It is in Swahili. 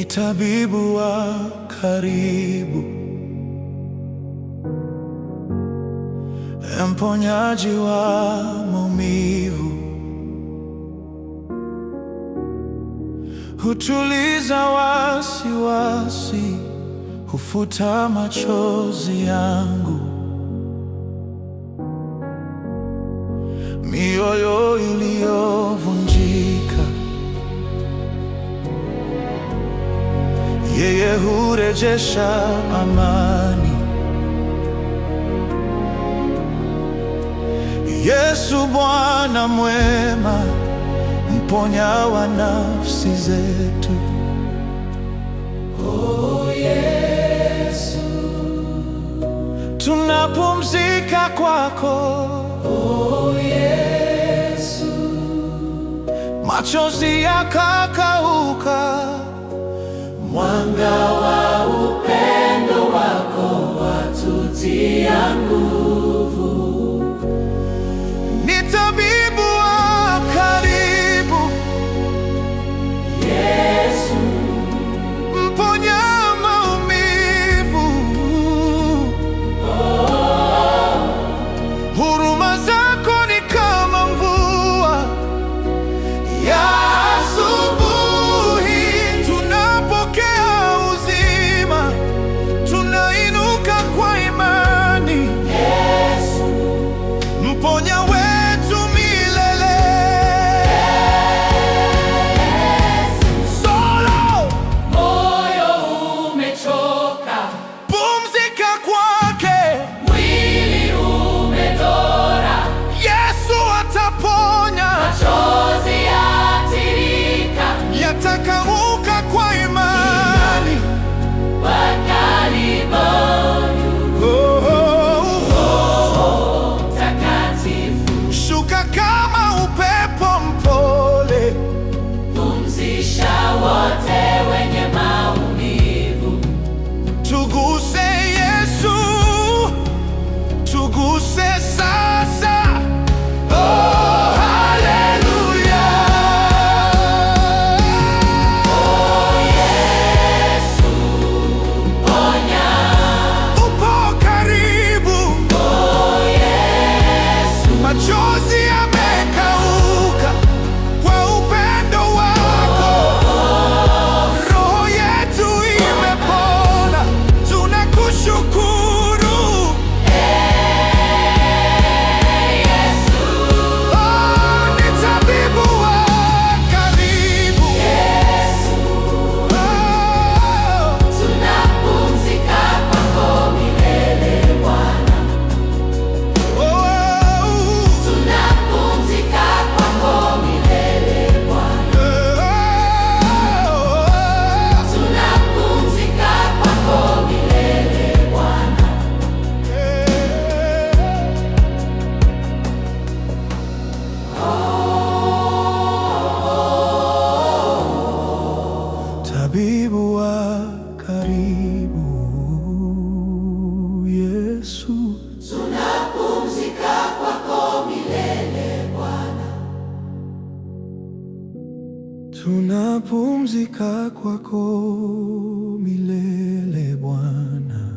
ni tabibu wa karibu, mponyaji wa maumivu, hutuliza wasiwasi, hufuta machozi yangu, mioyo iliyo yeye hurejesha amani. Yesu Bwana mwema, mponya wa nafsi zetu. Oh, Yesu, tunapumzika kwako. Oh, Yesu, machozi yakakauka. One wa said. tunapumzika kwako milele Bwana.